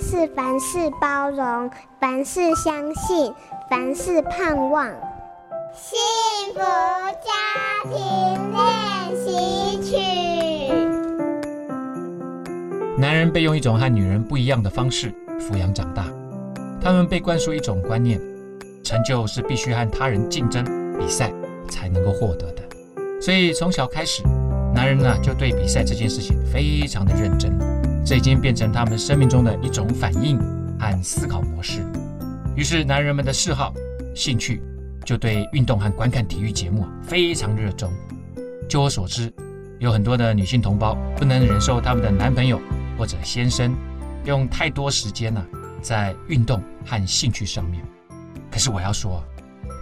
是凡事包容，凡事相信，凡事盼望。幸福家庭練習曲。男人被用一種和女人不一樣的方式撫養長大，他們被灌輸一種觀念：成就，是必須和他人競爭比賽才能夠獲得的。所以從小開始，男人呢就對比賽這件事情非常的認真。這已經變成他們生命中的一種反應和思考模式。於是，男人們的嗜好、興趣就對運動和觀看體育節目非常熱衷。就我所知，有很多的女性同胞不能忍受他們的男朋友或者先生用太多時間呢在運動和興趣上面。可是，我要說，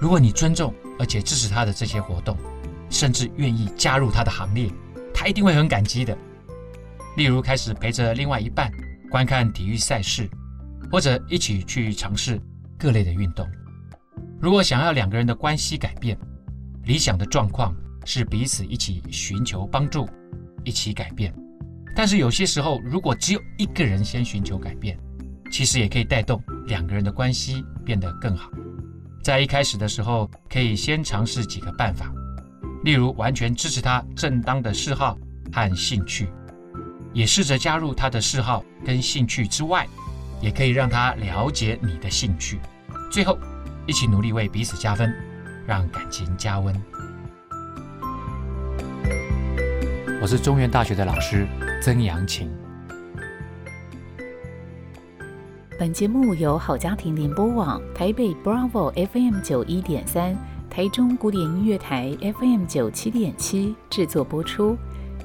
如果你尊重而且支持他的這些活動，甚至願意加入他的行列，他一定會很感激的。例如，開始陪着另外一半觀看體育賽事，或者一起去嘗試各類的運動。如果想要兩個人的關係改變，理想的狀況是彼此一起尋求幫助，一起改變。但是有些時候，如果只有一個人先尋求改變，其實也可以帶動兩個人的關係變得更好。在一開始的時候，可以先嘗試幾個辦法，例如完全支持他正當的嗜好和興趣。也試着加入他的嗜好跟興趣之外，也可以讓他了解你的興趣。最後，一起努力為彼此加分，讓感情加溫。我是中原大學的老師曾陽晴。本節目由好家庭聯播網、台北 Bravo FM 九一點三、台中古典音樂台 FM 九七點七制作播出。